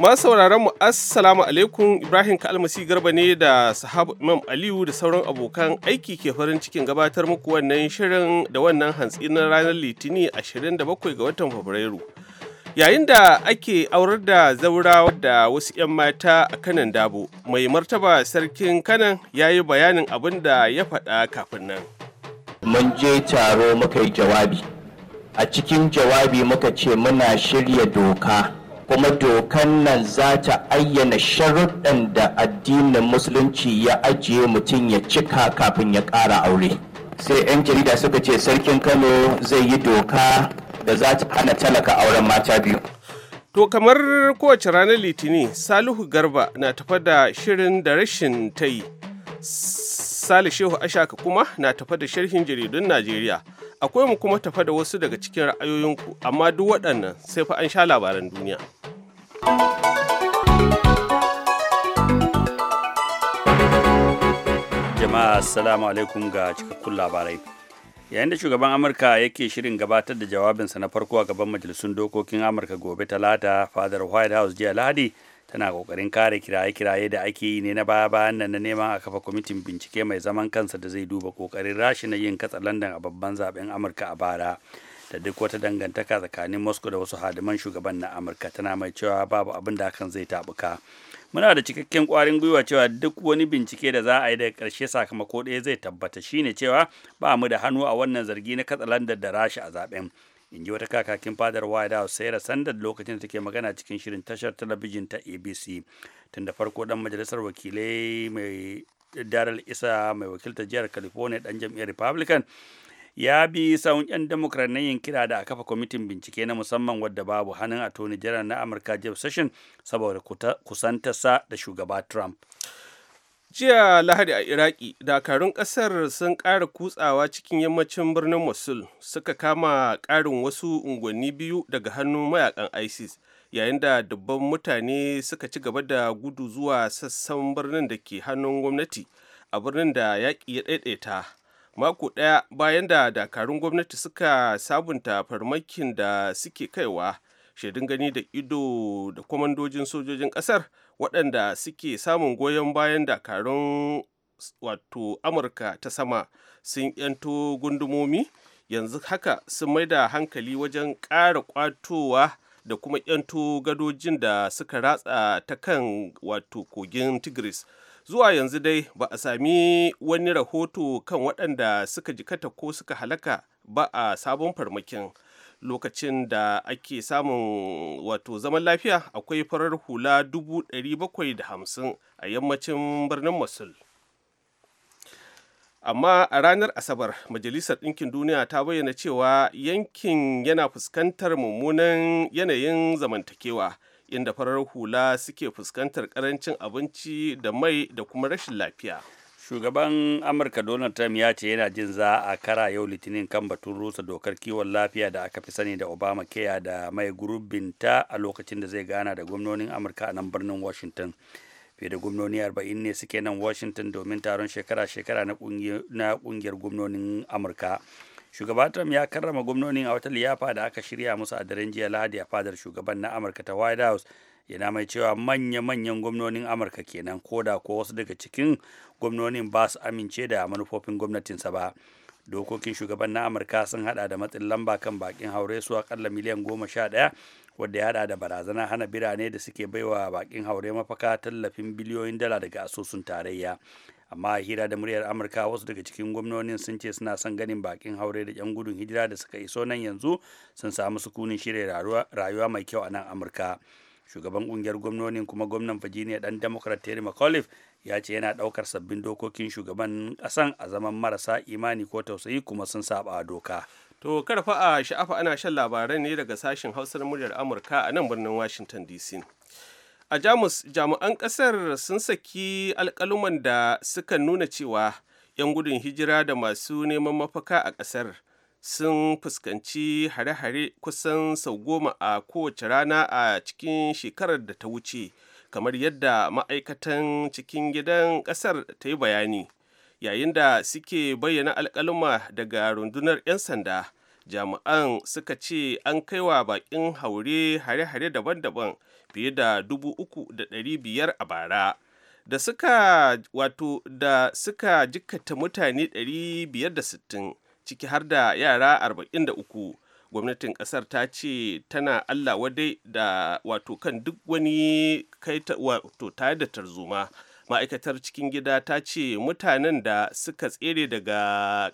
Masu sauraron mu Assalamu alaikum Ibrahim Kalmasi Garba ne da sahabu Imam Aliyu da sauran abokan aiki ke farin cikin gabatar muku wannan shirin da wannan hantsi na ranar Litini 27 ga watan Fabrairu. Yayin da ake aurar da zaura da wasu 'yan mata a kanan dabo, mai martaba sarkin kanan ya yi bayanin abin da ya faɗa kafin nan. Mun je taro muka yi jawabi, a cikin jawabi muka ce muna shirya doka. kuma dokan nan za ta ayyana sharuɗan da addinin musulunci ya ajiye mutum ya cika kafin ya ƙara aure sai 'yan jarida suka ce sarkin kano zai yi doka da za ta hana talaka auren mata biyu To kamar kowace ranar Litinin, Salihu Garba na tafa da shirin da rashin ta yi salisu Shehu Ashaka kuma na tafa da sharhin jaridun Najeriya. Akwai mu kuma tafa da wasu daga cikin ra'ayoyinku, amma duk waɗannan sai fa an sha labaran duniya. Jama'a Assalamu alaikum ga cikakkun labarai. Yayin da shugaban Amurka yake shirin gabatar da jawabinsa na farko a gaban majalisun dokokin Amurka gobe talata, Fadar White House jiya Lahadi, tana kokarin kare kiraye-kiraye da ake yi ne na baya-bayan nan na neman a kafa kwamitin bincike mai zaman kansa da zai duba kokarin rashi na yin katsa landan a babban zaben amurka a bara da duk wata dangantaka tsakanin moscow da wasu hadiman shugaban na amurka tana mai cewa babu abin da hakan zai tabuka muna da cikakken kwarin gwiwa cewa duk wani bincike da za a yi daga karshe sakamako ɗaya zai tabbata shine cewa ba mu da hannu a wannan zargi na katsa landan da rashi a zaben in ji wata kakakin fadar white house sayar sandar lokacin da take magana cikin shirin tashar talabijin ta abc tun da farko dan majalisar wakilai mai daral isa mai wakiltar jihar california dan jam'iyyar republican ya bi sa'un 'yan democrat na yin kira da a kafa kwamitin bincike na musamman wadda babu hannun attorney general na amurka jeff session saboda kusantarsa da shugaba trump jiya lahadi a iraki dakarun kasar sun ƙara kutsawa cikin yammacin birnin mosul suka kama ƙarin wasu unguwanni biyu daga hannun mayakan isis yayin da dubban mutane suka ci gaba da gudu zuwa sassan birnin da ke hannun gwamnati a birnin da yaƙi ya ɗaiɗaita mako ɗaya bayan da dakarun gwamnati suka sabunta farmakin da suke kaiwa shaidun gani da ido da kwamandojin sojojin ƙasar waɗanda suke samun goyon bayan dakarun wato amurka ta sama sun yanto gundumomi yanzu haka sun mai da hankali wajen ƙara ƙwatowa da kuma yanto gadojin da suka ratsa ta kan wato kogin tigris zuwa yanzu dai ba a sami wani rahoto kan waɗanda suka jikata ko suka halaka ba a sabon farmakin lokacin da ake samun wato zaman lafiya akwai farar hula 750 a yammacin birnin mosul amma a ranar asabar majalisar ɗinkin duniya ta bayyana cewa yankin yana fuskantar mummunan yanayin zamantakewa inda farar hula suke fuskantar karancin abinci da mai da kuma rashin lafiya shugaban amurka donald trump ya ce yana jin za a kara yau litinin kan batun rusa dokar kiwon lafiya da aka fi sani da obama keya da mai gurbinta a lokacin da zai gana da gwamnonin amurka a nan birnin washington fiye da gwamnoni 40 ne suke nan washington domin taron shekara-shekara na kungiyar gwamnonin amurka shugaban trump ya karrama gwamnonin a wata liyafa da aka shirya musu a daren jiya lahadi a fadar shugaban na amurka ta white house yana mai cewa manya-manyan gwamnonin amurka kenan koda ko wasu daga cikin gwamnonin ba su amince da manufofin gwamnatinsa ba dokokin shugaban na amurka sun hada da matsin lamba kan bakin haure su akalla miliyan goma sha daya wadda ya hada da barazana hana birane da suke baiwa bakin haure mafaka tallafin biliyoyin dala daga asusun tarayya amma a hira da muryar amurka wasu daga cikin gwamnonin sun ce suna son ganin bakin haure da yan gudun hijira da suka iso nan yanzu sun samu sukunin shirya rayuwa mai kyau a nan amurka shugaban kungiyar gwamnonin kuma gwamnan virginia dan democrat terry mcauliffe ya ce yana ɗaukar sabbin dokokin shugaban ƙasan a zaman marasa imani ko tausayi kuma sun saba doka to karfa a sha'afa ana shan labarai ne daga sashen hausar muryar amurka a nan birnin washington dc a jamus jami'an ƙasar sun saki alkaluman da suka nuna cewa 'yan gudun hijira da masu neman mafaka a ƙasar sun fuskanci hare-hare kusan sau goma a kowace rana a cikin shekarar da ta wuce kamar yadda ma'aikatan cikin gidan kasar ta yi bayani yayin da suke bayyana alkalma daga rundunar 'yan sanda jami'an suka ce an kaiwa bakin haure hare-hare daban-daban fiye da dubu biyar a bara da suka wato da suka jikkata mutane 560 ciki har da yara 43 gwamnatin kasar ta ce tana allah wadai da wato kan duk wani kai wato tare da tarzoma ma'aikatar cikin gida ta ce mutanen da suka tsere daga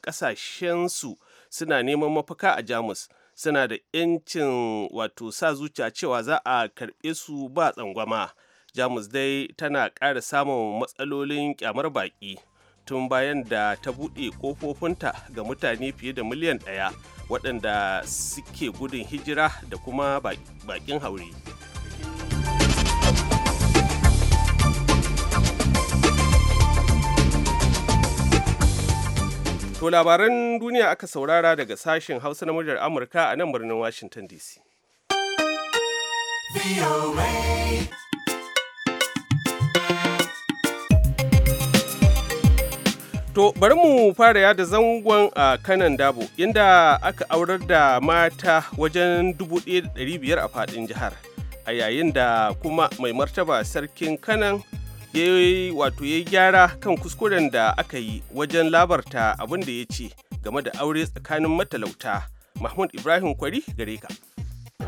ƙasashensu suna neman mafaka a jamus suna da 'yancin wato sa zuciya cewa za a karɓe su ba tsangwama jamus dai tana ƙara samun matsalolin kyamar baƙi tun bayan da ta buɗe ƙofofinta ga mutane fiye da miliyan ɗaya waɗanda suke gudun hijira da kuma bakin haure To labaran duniya aka saurara daga sashen hausa na muryar amurka a nan birnin washington dc To bari mu fara yada zangon a kanan dabo inda aka aurar da mata wajen 1,500 a fadin jihar a yayin da kuma mai martaba sarkin kanan ya wato ya gyara kan kuskuren da aka yi wajen labarta abin da ya ce game da aure tsakanin matalauta mahmud ibrahim kwari gare ka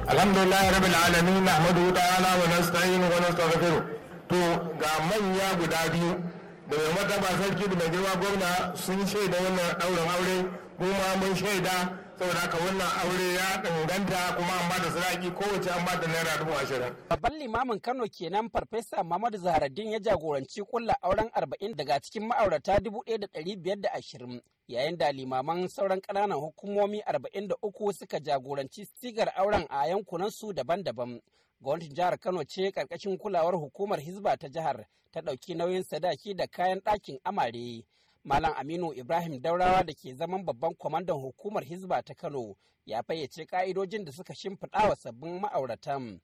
alhamdulillah rabin alamin nahmadu ta'ala wa nasta'in wa nastaghfiru to ga manya guda biyu da mata ba sarki da mai girma gwamna sun shaida wannan ɗaurin aure kuma mun shaida saboda haka wannan aure ya danganta kuma an bada sadaki kowace an bada naira dubu ashirin. Babban limamin Kano kenan Farfesa mamadu Zaharaddin ya jagoranci kulla auren arba'in daga cikin ma'aurata dubu ɗaya da ɗari biyar da ashirin yayin da limaman sauran ƙananan hukumomi arba'in da uku suka jagoranci sigar auren a yankunan su daban-daban. gwamnatin jihar kano ce karkashin kulawar hukumar hizba ta jihar ta dauki nauyin sadaki da kayan ɗakin amare malam aminu ibrahim daurawa da ke zaman babban kwamandan hukumar hizba ta kano ya fayyace ka'idojin da suka shimfiɗa wa sabbin ma'auratan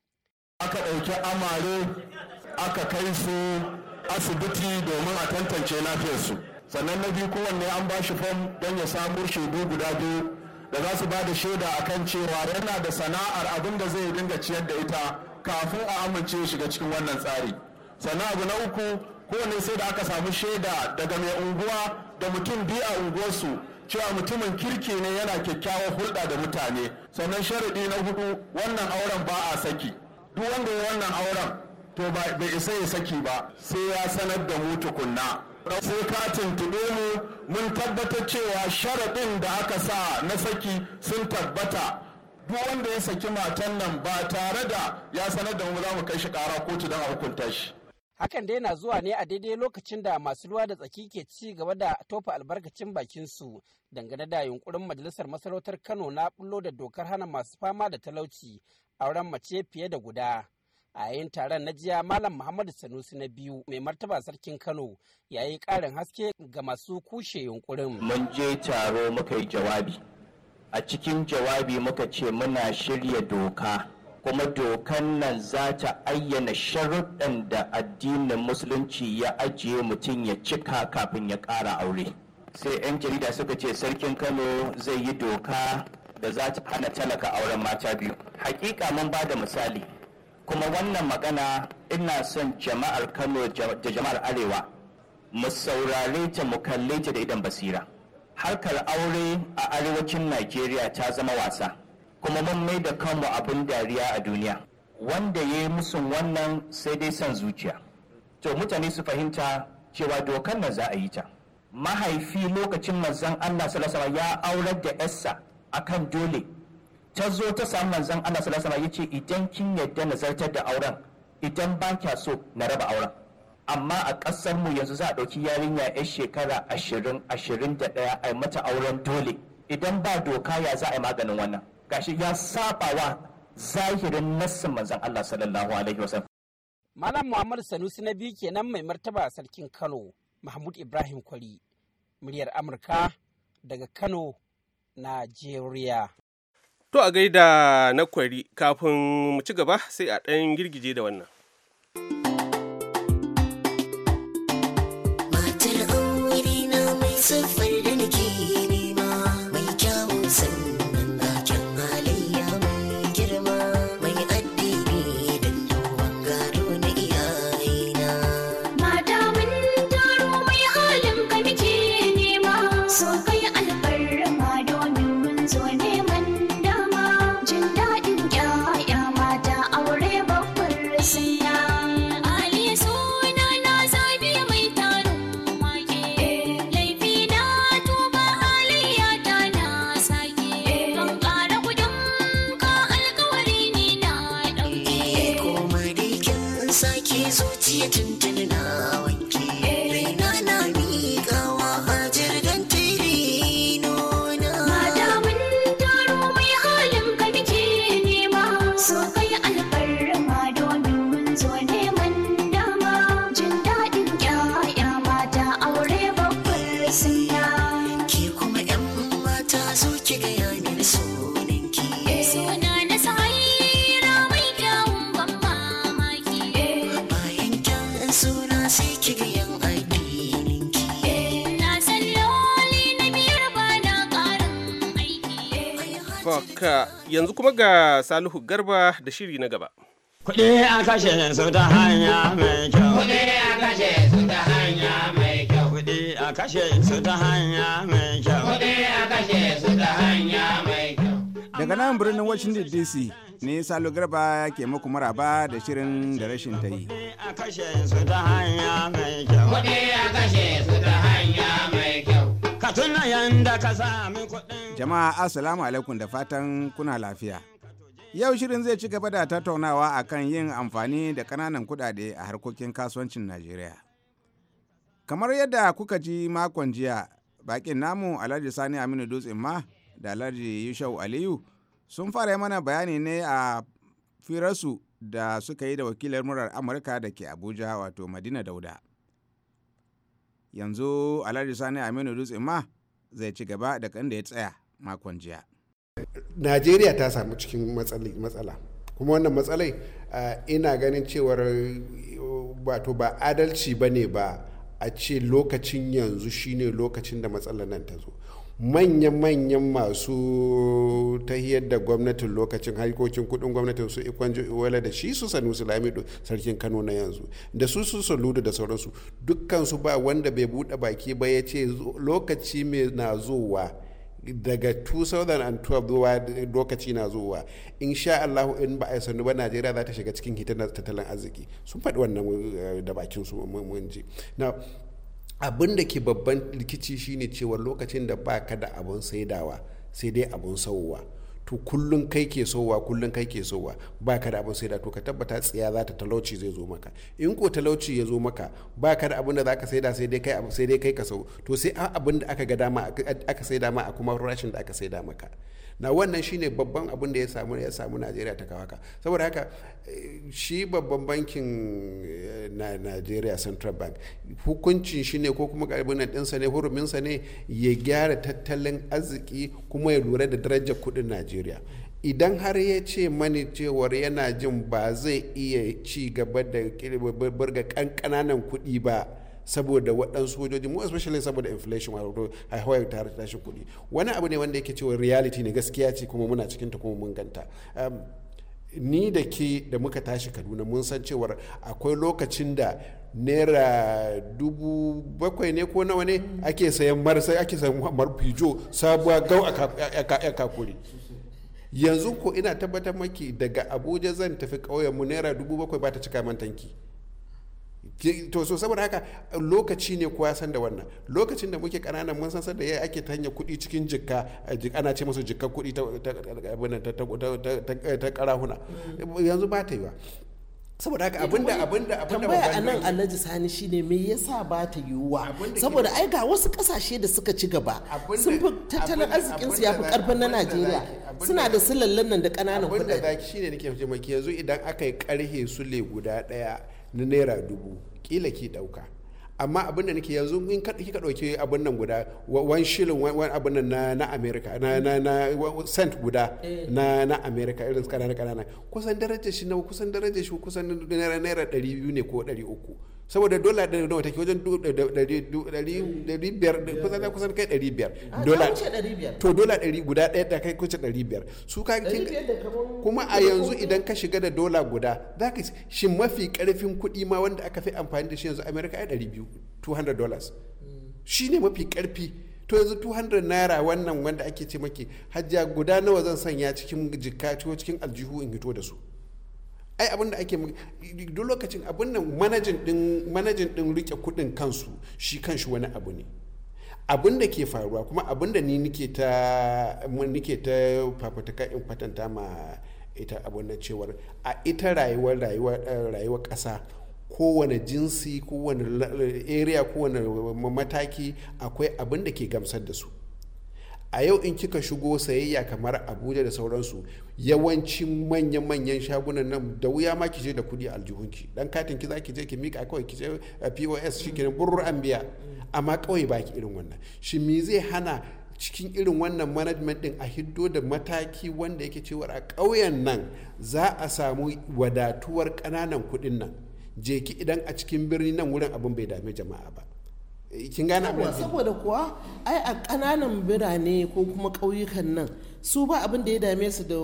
aka ɗauki amare aka kai su asibiti domin a tantance lafiyarsu sannan na biyu kowanne an ba shi fom don ya samu shaidu guda biyu da za su ba da shaida a kan cewa yana da sana'ar abin da zai dinga ciyar da ita kafin a amince shiga cikin wannan tsari sannan abu na uku kowane sai da aka samu shaida daga mai unguwa da mutum biyu a unguwarsu cewa mutumin kirki ne yana kyakkyawar hulɗa da mutane sannan sharaɗi na hudu wannan auren ba a saki duk wanda ya wannan auren to bai isa ya saki ba sai ya sanar da mu tukunna sai ka tuntube mu mun tabbatar cewa sharaɗin da aka sa na saki sun tabbata duk wanda ya saki matan nan ba tare da ya sanar da mu za mu kai shi ƙara kotu don a hukunta shi hakan dai na zuwa ne a daidai lokacin da masu ruwa da tsaki ke ci gaba da tofa albarkacin bakinsu dangane da yunkurin majalisar masarautar kano na bullo da dokar hana masu fama da talauci auren mace fiye da guda a yayin taron na jiya malam muhammadu sanusi na biyu mai martaba sarkin kano ya yi ƙarin haske ga masu kushe yunkurin mun je taro muka yi jawabi a cikin jawabi muka ce muna shirya doka kuma dokan nan za ta ayyana sharuɗan da addinin musulunci ya ajiye mutum ya cika kafin ya ƙara aure sai 'yan jarida suka ce sarkin kano zai yi doka da za ta hana talaka auren mata biyu hakika mun ba da misali kuma wannan magana ina son jama'ar kano da jama'ar arewa mu saurare ta mu kalle ta da idan basira harkar aure a arewacin najeriya ta zama wasa kuma mun mai da kanmu abin dariya a duniya wanda ya yi musun wannan sai dai son zuciya to mutane su fahimta cewa dokar nan za a yi ta mahaifi lokacin manzon allah sallallahu ya aurar da yarsa akan dole ta zo ta samu manzon Allah sallallahu alaihi yace idan kin yadda zartar da auren idan ba kya so na raba auren amma a kasar mu yanzu za a ɗauki yarinya yar shekara ashirin ashirin da ɗaya a mata auren dole idan ba doka ya za a yi maganin wannan gashi ya saba wa zahirin nassin manzan Allah sallallahu alaihi Malam Muhammad Sanusi na biyu kenan mai martaba sarkin Kano Mahmud Ibrahim Kwari muryar Amurka daga Kano Najeriya To a gaida na kwari kafin mu ci gaba sai a ɗan girgije da wannan. yanzu kuma ga Salihu Garba da shiri na gaba. Kuɗi a kashe su ta hanya mai kyau. Kuɗi a kashe su ta hanya mai kyau. Kuɗi a kashe su ta hanya mai kyau. Kuɗi a kashe su ta hanya mai kyau. Daga nan birnin Washington DC ne Salihu Garba ke muku maraba da shirin da rashin ta yi. Kuɗi a kashe su ta hanya mai kyau. Kuɗi a kashe su ta hanya mai kyau. Ka tuna yanda ka sami kuɗin. Jama'a Assalamu alaikum da fatan kuna lafiya. Yau shirin zai ci gaba da tattaunawa a kan yin amfani da kananan kudade a harkokin kasuwancin Najeriya. Kamar yadda kuka ji makon jiya, bakin namu Alhaji Sani Aminu Dutsen ma da Alhaji Yushau Aliyu sun fara mana bayani ne a firarsu da suka yi da wakilar murar Amurka da ke Abuja wato Madina Dauda. Yanzu Alhaji Sani Aminu Dutsen ma zai ci gaba da kan da ya tsaya makon jiya najeriya ta samu cikin matsala kuma wannan matsalai eh, ina ganin cewar wato ba adalci ba ne ba a ce lokacin yanzu shine lokacin da matsalar nan ta zo manya-manyan masu hiyar da gwamnatin lokacin harkokin kudin gwamnatin su ikon wala da shi su sanu su lamido sarkin kano na yanzu da su su saludu da sauransu dukkansu ba wanda bai buɗe baki ba ya ce lokaci mai na zowa daga 2012 zuwa lokaci na zuwa insha Allah in ba a sannu ba Najeriya za ta shiga cikin hitar tattalin arziki sun faɗi wannan eh, da bakin su mun ji na abin da ke babban rikici shine cewa lokacin da baka da abun saidawa sai dai abun sauwa to kullun kai ke sowa kullun kai ke sowa ba ka da abin saida to ka tabbata tsiya za ta talauci zai zo maka in ko talauci ya zo maka ba ka da abin da za ka saida sai dai kai sai dai kai ka sau to sai abin da aka ga dama aka saida ma a kuma rashin da aka saida maka na wannan shine babban abin da ya samu ya samu najeriya ta kawaka saboda haka eh, shi babban bankin eh, na najeriya central bank hukuncin shi ne ko kuma karibin ɗinsa ne huruminsa ne ya gyara tattalin arziki kuma ya lura da darajar kuɗin najeriya idan har ya ce mani cewar yana jin ba zai iya ci gaba da burga ƙanƙananan kuɗi ba saboda waɗansu hujjoji mu especially saboda inflation wato haihuwar tare tashin kuɗi wani abu ne wanda yake cewa reality ne gaskiya ce kuma muna cikin ta kuma mun ganta um, ni da ke da muka tashi kaduna mun san cewar akwai lokacin da naira dubu bakwai ne ko nawa ne ake sayan marasa ake sayan marfijo sabuwa gau a kakuri yanzu ko ina tabbatar maki daga abuja zan tafi ƙauyenmu naira dubu bakwai ba ta cika mantanki tanki to so saboda haka lokaci ne kowa san da wannan lokacin da muke kanana mun san da ya ake ta hanyar kuɗi cikin jikka ana ce musu jikka kuɗi ta karahuna mm. yanzu ba ta yi ba saboda haka abinda abinda abinda tambaya a nan alhaji sani shine me yasa ba ta yiwuwa saboda ai ga wasu kasashe da suka ci gaba sun fi tattalin arzikin su yafi karfin na Najeriya suna da sulallan nan da kananan kuɗi abinda zaki shine nake fice maki yanzu idan aka yi karhe sule guda daya na naira dubu kila ki ɗauka amma abin da nake yanzu in kika ɗauki abin nan guda wan shilin wan abin nan na na america na na na cent guda eh. na na america irin kanana kanana kusan darajar shi na kusan darajar shi kusan naira naira 200 ne ko 300 saboda dola ɗari nawa take wajen ɗari biyar da kusan kai ɗari biyar ah, dola to dola ɗari guda ɗaya da kai kusa ɗari biyar su ka kin kuma a yanzu idan ka shiga da dola guda za ka shi mafi ƙarfin kuɗi ma wanda aka fi amfani da shi yanzu america ya ɗari biyu 200 dollars hmm. shi ne mafi ƙarfi to yanzu 200 naira wannan wanda ake ce maki hajja guda nawa zan sanya cikin jikka cikin aljihu in hito da su ai abin da ake duk lokacin abin nan manajin din manajin din rike kudin kansu shi kanshi wani abu ne abin da ke faruwa kuma abin da ni nike ta nike ta fafutuka in fatanta ma ita abin da cewar a ita rayuwar rayuwar eh, ƙasa kowane jinsi kowane area kowane mataki akwai abin da ke gamsar da su a yau in kika shigo sayayya kamar abuja da sauransu yawancin manya-manyan shagunan nan da wuya ma ki je da kudi aljihunki dan katin ki za ki je ki mika kawai ki je eh, pos shi kenan burur an biya amma kawai baki irin wannan shi me zai hana cikin irin wannan management din a hiddo da mataki wanda yake cewa a ƙauyen nan za a samu wadatuwar ƙananan kuɗin nan je ki idan a cikin birni nan wurin abin bai dame jama'a ba Eh, kin gane abin saboda kuwa ai a kananan birane ko kuma ƙauyukan nan su ba abin da ya dame su da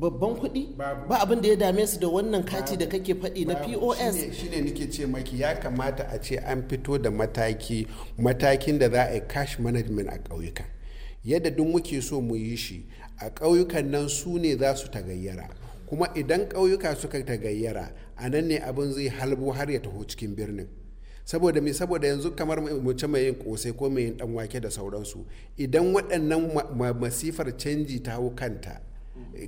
babban kuɗi ba abin da ya dame su da wannan kati da kake faɗi na pos shi ne nake ce maki ya kamata a ce an fito da mataki matakin da za a yi cash management a ƙauyuka yadda duk muke so mu yi shi a ƙauyukan nan su ne za su tagayyara kuma idan ƙauyuka suka tagayyara a nan ne abin zai halbo har ya taho cikin birnin saboda mai saboda yanzu kamar mace mai yin kosai ko mai yin dan wake da sauransu idan waɗannan masifar canji ta hau kanta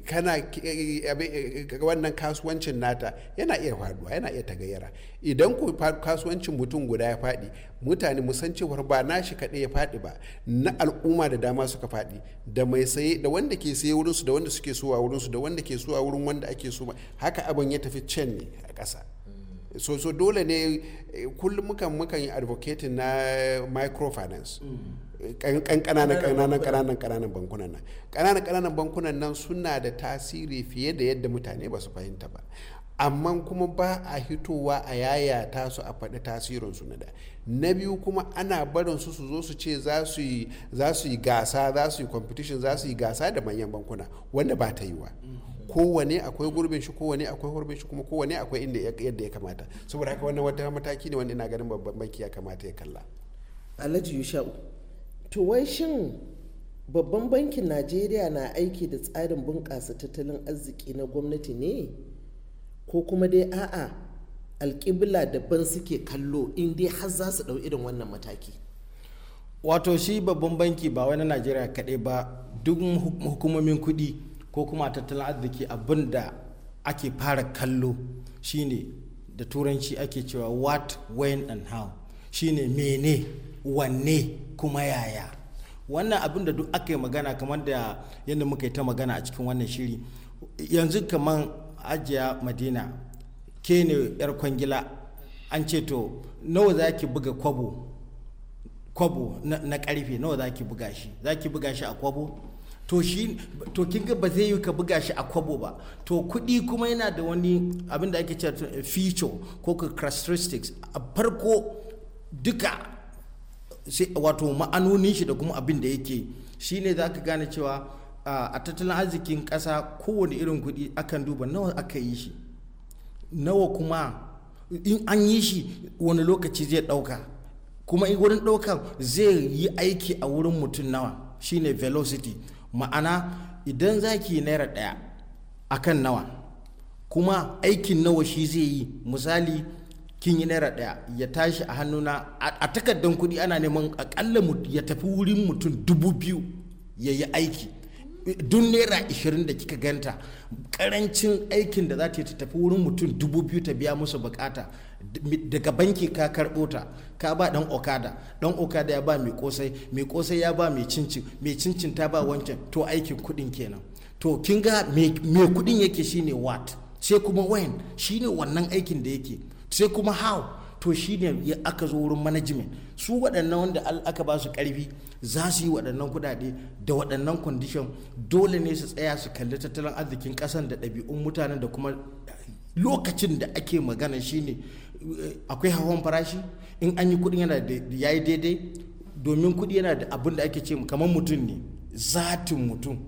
kana eh, eh, eh, wannan kasuwancin nata yana iya faduwa yana iya tagayyara idan ku kasuwancin mutum guda ya faɗi mutane musan cewar ba nashi kaɗai ya faɗi ba na al'umma da dama suka faɗi da mai saye da wanda ke saye wurinsu da wanda suke suwa wurinsu da wanda ke suwa wurin wanda ake so haka abin ya tafi can ne a ƙasa so so dole ne eh, kullum mukan mukan yi advocating na microfinance kan kananan kananan kananan bankunan nan kananan kananan bankunan nan suna da tasiri fiye da yadda mutane ba su fahimta ba amma kuma ba a hitowa a yayata su a faɗi tasirinsu na da na biyu kuma ana barin su su zo su ce za su yi gasa za su yi competition za su yi gasa da manyan bankuna wanda ba ta yi wa. kowane akwai gurbin shi kowane akwai gurbin shi kuma kowane akwai inda yadda ya kamata saboda haka wannan wata mataki ne wanda ina ganin babban banki ya kamata ya kalla alhaji yusha'u to wai shin babban bankin najeriya na aiki da tsarin bunƙasa tattalin arziki na gwamnati ne ko kuma dai a'a alƙibla daban suke kallo in dai har za su ɗau irin wannan mataki wato shi babban banki ba wani najeriya kaɗai ba duk hukumomin kuɗi ko kuma tattalin arziki abin da ake fara kallo shine da turanci ake cewa what when and how shine mene wanne kuma yaya wannan abin da duk aka yi magana kamar da yadda muka yi ta magana a cikin wannan shiri yanzu kamar ajiya madina ke ne yar kwangila an ce to nawa za ki buga kwabo kwabo na karfe nawa za ki buga shi za ki buga shi a kwabo to kin ga ba zai yi ka buga shi a kwabo ba to kuɗi kuma yana da wani abin da ake cewa feature ko ka characteristics a farko duka wato ma'anonin shi da kuma abin da yake shine za ka gane cewa a tattalin arzikin ƙasa kowane irin kuɗi akan duba nawa aka yi shi nawa kuma in an yi shi wani lokaci zai ɗauka kuma in wurin ɗauka zai yi aiki a wurin mutum nawa shine velocity ma'ana idan za ki naira ɗaya akan nawa kuma aikin nawa shi zai yi misali kin yi naira ɗaya ya tashi a hannuna a takardar kuɗi ana neman akalla ya tafi wurin mutum dubu biyu ya yi aiki duk naira 20 da kika ganta karancin aikin da za ta ta tafi wurin mutum dubu biyu ta biya musu bukata daga banki ka karɓo ta ka ba dan okada dan okada ya ba mai kosai mai kosai ya ba mai cincin mai cincin ta ba wancan to aikin kudin kenan to kin ga mai kudin yake shine what sai kuma when shine wannan aikin da yake sai kuma how to shi ne aka zo wurin management su waɗannan wanda aka ba su ƙarfi za su yi waɗannan kuɗaɗe da waɗannan condition dole ne su tsaya su kalli tattalin arzikin ƙasan da ɗabi'un mutanen da kuma lokacin da ake magana shi ne eh, akwai hawan farashi in an yi kuɗi yana da ya yi daidai domin kuɗi yana da abin da ake ce kamar mutum ne zatin mutum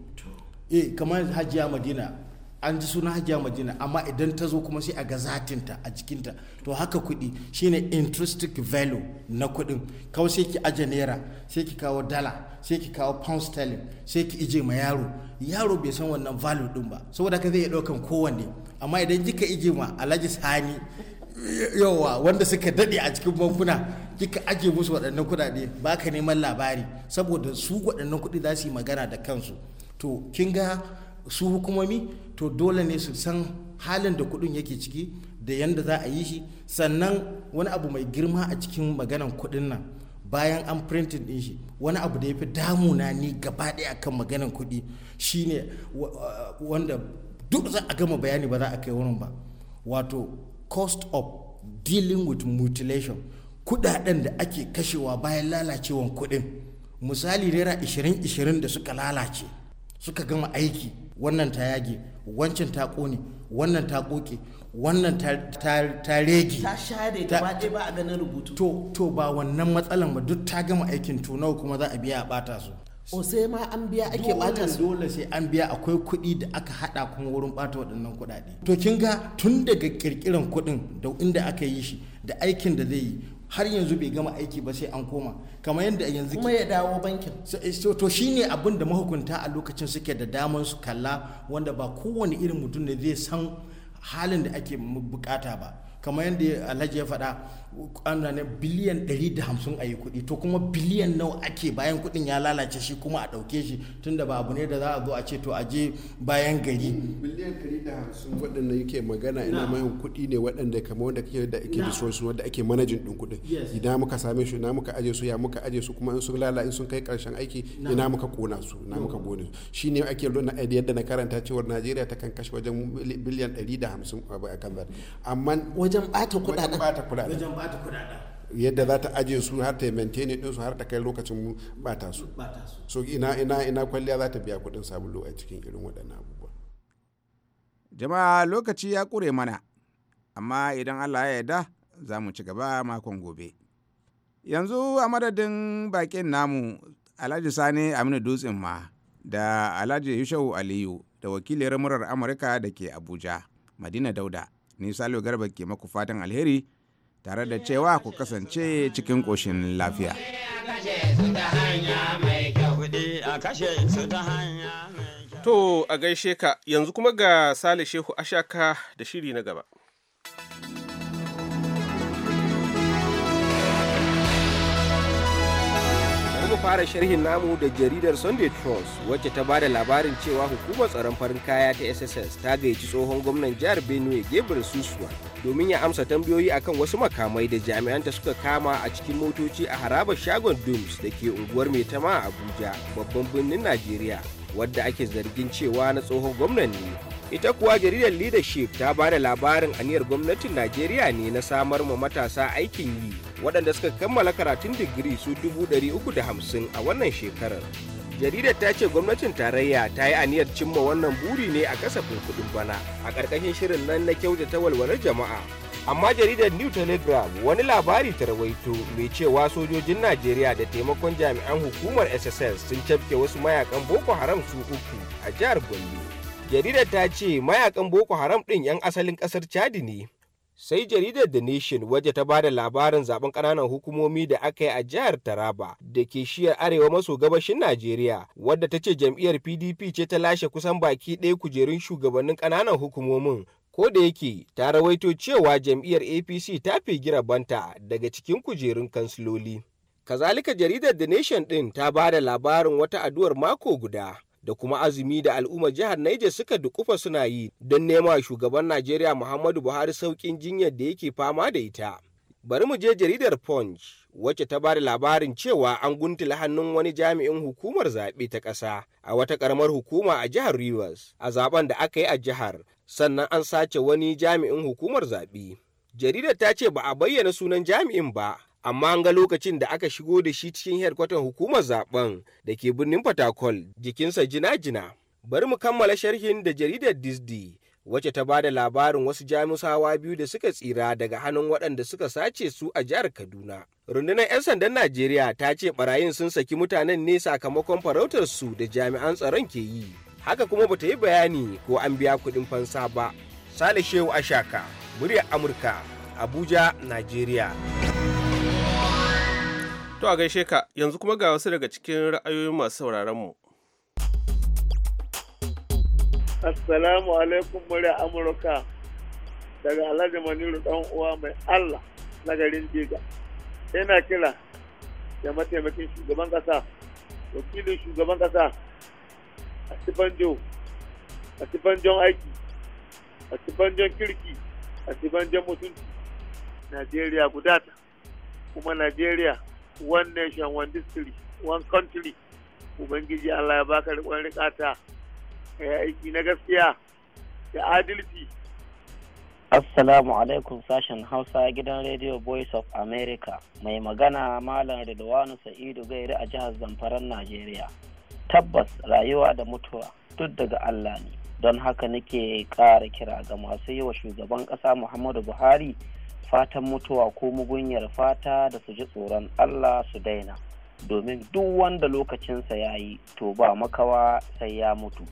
eh, kamar hajiya madina an ji suna hajiya madina amma idan ta zo kuma sai a ga zatinta a jikinta to haka kuɗi shine intrinsic value na kuɗin kawai sai ki aje naira sai ki kawo dala sai ki kawo pound sterling sai ki ije ma yaro yaro bai san wannan value din ba saboda ka zai iya ɗaukan kowanne amma idan kika ije ma alhaji sani yawa wanda suka daɗe a cikin bankuna kika aje musu waɗannan kuɗaɗe ba ka neman labari saboda su waɗannan kuɗi za su yi magana da kansu to kin ga su hukumomi to dole ne su san halin da kudin yake ciki da yadda za a yi shi sannan wani abu mai girma a cikin maganan kudin nan bayan an printing din shi wani abu da ya fi damuna ni gaba ɗaya akan maganan kudi shine wanda duk za a gama bayani ba za a kai wurin ba wato cost of dealing with mutilation kudaden da ake kashewa bayan lalacewan kudin misali naira ishirin 20 da suka lalace suka gama aiki wannan ta yage wancan ta kone wannan ta koke wannan ta rege ta share gaba ba a ganin rubutu to to ba wannan matsalan ba duk ta gama aikin to nawa kuma za a biya a bata su o sai ma an biya ake bata su dole sai an biya akwai kuɗi da aka hada kuma wurin bata waɗannan kuɗaɗe to kin ga tun daga kirkiran kuɗin da inda aka yi shi da aikin da zai yi har yanzu bai gama aiki ba sai an koma kamar yadda yanzu kuma ya dawo bankin eh, to shine abin da mahukunta a lokacin suke da damar su kalla wanda ba kowane irin mutum ne zai san halin da ake bukata ba kamar yadda alhaji ya faɗa ana ne biliyan 150 a yi kuɗi to kuma biliyan nawa ake bayan kuɗin ya lalace shi kuma a ɗauke shi tun da ba abu ne da za a zo a ce to a je bayan gari biliyan 150 waɗanda yake magana ina mai kuɗi ne waɗanda kamar wanda kake da ake da su wanda ake manajin ɗin kuɗin ina muka same shi ina muka aje su ya muka aje su kuma in sun lala in sun kai ƙarshen aiki ina muka kona su ina muka gone su shine ake lona yadda na karanta cewar Najeriya ta kan kashe wajen biliyan 150 a kan amma wajen ɓata kuɗaɗen ba ta kudaden yadda za ta aje su har ta maintain din su har ta kai lokacin mu ba ta su so ina ina ina kwalliya za ta biya kudin sabulu a cikin irin waɗannan abubuwa jama'a lokaci ya kure mana amma idan Allah ya yarda za mu ci gaba makon gobe yanzu a madadin bakin namu Alhaji Sani Aminu Dutsen ma da Alhaji Yushau Aliyu da wakilin murar Amurka da ke Abuja Madina Dauda ni Salo Garba ke maku fatan alheri tare da cewa ku kasance cikin ƙoshin lafiya. To a gaishe ka yanzu kuma ga Sale Shehu Ashaka da shiri na gaba. fara sharhin namu da jaridar Sunday Trust wacce ta bada labarin cewa hukumar tsaron farin kaya ta SSS ta gayyaci tsohon gwamnan jihar Benue gebre susuwa domin ya amsa tambayoyi akan wasu makamai da jami'an ta suka kama a cikin motoci a harabar shagon Dooms da ke unguwar Maitama a Abuja babban birnin Najeriya wadda ake zargin cewa na tsohon gwamnan ne. Ita kuwa jaridar leadership ta bada labarin aniyar gwamnatin Najeriya ne na samar ma matasa aikin yi waɗanda suka kammala karatun digiri su dubu ɗari uku da hamsin a wannan shekarar. Jaridar ta ce gwamnatin tarayya ta yi aniyar cimma wannan buri ne a kasafin kuɗin bana a ƙarƙashin shirin nan na kyautata walwalar jama'a. Amma jaridar New Telegraph wani labari ta rawaito mai cewa sojojin Najeriya da taimakon jami'an hukumar SSS sun cafke wasu mayakan Boko Haram su uku a jihar Gombe. Jaridar ta ce mayakan Boko Haram ɗin 'yan asalin ƙasar Chadi ne. sai jaridar the nation waje ta bada labarin zaben kananan hukumomi da aka yi a jihar taraba da ke shiyar arewa maso gabashin najeriya wadda ta ce jam'iyyar pdp ce ta lashe kusan baki ɗaya kujerun shugabannin kananan hukumomin ko da yake ta rawaito cewa jam'iyyar apc ta fi banta daga cikin kujerun kansiloli kazalika jaridar the nation ɗin ta ba da labarin wata addu'ar mako guda da kuma azumi da al'ummar jihar Niger suka dukufa suna yi don nema shugaban Najeriya Muhammadu Buhari saukin jinyar da yake fama da ita. Bari mu je jaridar Punch wacce ta bada labarin cewa an guntula hannun wani jami'in hukumar zaɓe ta ƙasa a wata ƙaramar hukuma a jihar Rivers a zaben da aka yi a jihar sannan an sace wani jami'in hukumar zaɓe. Jaridar ta ce ba a bayyana sunan jami'in ba amma an ga lokacin da aka shigo da shi cikin hedkwatan hukumar zaben da ke birnin fatakol jikinsa jina-jina bari mu kammala sharhin da jaridar disney wace ta ba da labarin wasu jamusawa biyu da suka tsira daga hannun waɗanda suka sace su a jihar kaduna rundunar 'yan sandan najeriya ta ce barayin sun saki mutanen ne sakamakon farautar su da jami'an tsaron ke yi haka kuma bata yi bayani ko an biya kuɗin fansa ba sale shehu ashaka muryar amurka abuja najeriya To a gaishe ka yanzu kuma ga wasu daga cikin ra'ayoyin masu sauraron mu. Assalamu alaikum murya Amurka daga Alhaji Maniru dan uwa mai Allah na garin Jiga. Ina kira da mataimakin shugaban kasa, wakilin shugaban kasa a Sibanjo, a Sibanjon aiki, a Sibanjon kirki, a Sibanjon mutunci. Najeriya gudata, kuma Najeriya one nation one district one country ubangiji allah ya baka rikon rikata ya aiki na gaskiya da adalci assalamu alaikum sashen hausa gidan radio voice of america mai magana malam ridwanu sa'idu gairi a jihar zamfaran najeriya tabbas rayuwa da mutuwa duk daga allah ne don haka nake ƙara kira ga masu yi wa shugaban ƙasa muhammadu buhari fatan mutuwa ko mugunyar fata da su ji tsoron Allah su daina domin duk wanda lokacinsa ya yi to ba makawa sai ya mutu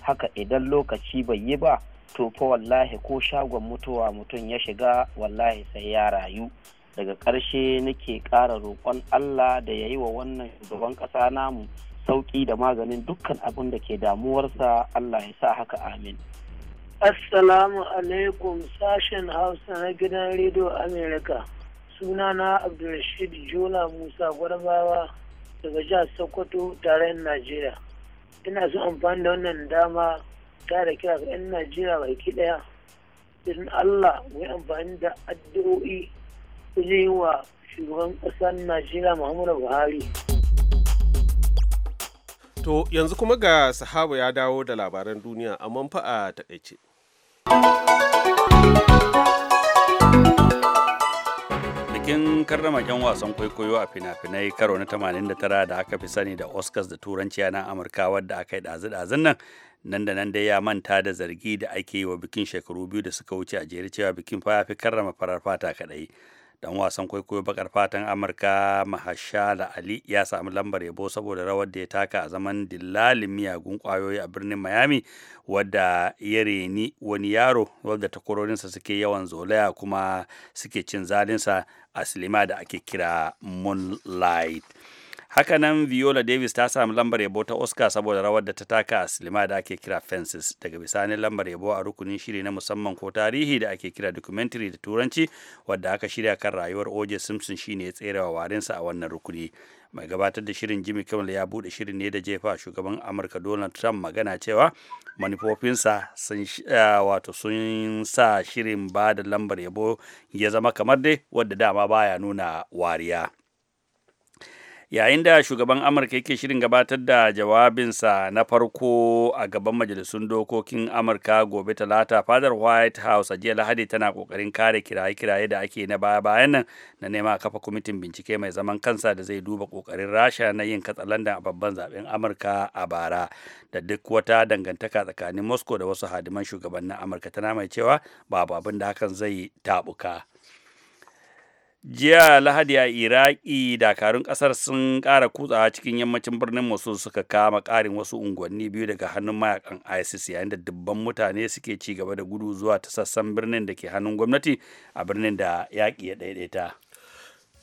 haka idan lokaci bai yi ba to fa wallahi ko shagon mutuwa mutum ya shiga wallahi sai ya rayu daga ƙarshe nake ƙara roƙon Allah da ya yi wa wannan shugaban ƙasa namu sauƙi da maganin dukkan abin da ke damuwarsa Allah ya sa haka amin. Assalamu alaikum sashen Hausa na gidan Rediyo Amerika. Sunana Abdulrashid Jola Musa Gwarbawa daga jihar Sokoto tare da Najeriya. Ina so amfani da wannan dama tare kira ga 'yan Najeriya baki ɗaya. Idan Allah yi amfani da addu'o'i wajen wa shugaban ƙasar Najeriya Muhammadu Buhari. To yanzu kuma ga sahaba ya dawo da labaran duniya amma fa a taƙaice. bikin karrama 'yan wasan kwaikwayo a fina-finai karo na 89 da aka fi sani da oscars da turanci a nan amurka wadda aka yi ɗazu-ɗazun nan nan da nan dai ya manta da zargi da ake yi wa bikin shekaru biyu da suka wuce a jere cewa bikin fa ya fi karrama farar fata kaɗai dan wasan kwaikwayo bakar fatan amurka mahashala ali ya samu lambar yabo saboda rawar da ya taka a zaman dillalin miyagun kwayoyi a birnin miami wadda ya reni wani yaro wadda takwarorinsa suke yawan zolaya kuma suke cin zalinsa a silima da ake kira moonlight hakanan viola davis ta samu lambar yabo ta oscar saboda rawar da ta taka a silima da ake kira fences daga bisanin lambar yabo a rukunin shiri na musamman ko tarihi da ake kira documentary da turanci wadda aka shirya kan rayuwar oj simpson shine ya tserewa warinsa a wannan rukuni mai gabatar da shirin jimmy kimmel ya bude shirin ne da jefa shugaban amurka donald trump magana cewa manufofinsa sun eh, wato sun sa shirin ba da lambar yabo ya zama kamar dai wadda dama baya nuna wariya yayin da shugaban amurka yake shirin gabatar da jawabinsa na farko a gaban majalisun dokokin amurka gobe talata fadar white house a jiya lahadi tana kokarin kare kiraye-kiraye da ake na baya-bayan nan na nema kafa kwamitin bincike mai zaman kansa da zai duba kokarin rasha na yin katsalandan a babban zaben amurka a bara da duk wata dangantaka tsakanin moscow da wasu hadiman shugabannin amurka tana mai cewa babu abin da hakan zai tabuka. jiya lahadi a iraki dakarun kasar sun kara kutsawa cikin yammacin birnin mosul suka kama karin wasu unguwanni biyu daga hannun mayakan isis yayin da dubban mutane suke ci gaba da gudu zuwa ta sassan birnin da ke hannun gwamnati a birnin da yaƙi ya ɗaiɗaita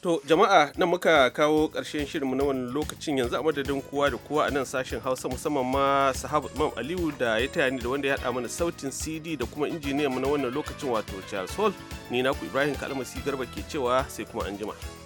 To jama'a nan muka kawo ƙarshen shirinmu na wannan lokacin yanzu a madadin kowa da kowa a nan sashen Hausa musamman ma Sahabu Imam Aliyu da ya taya ni da wanda ya haɗa mana sautin CD da kuma injiniyan mu na wannan lokacin wato Charles Hall ni naku Ibrahim Kalmasi Garba ke cewa sai kuma anjima.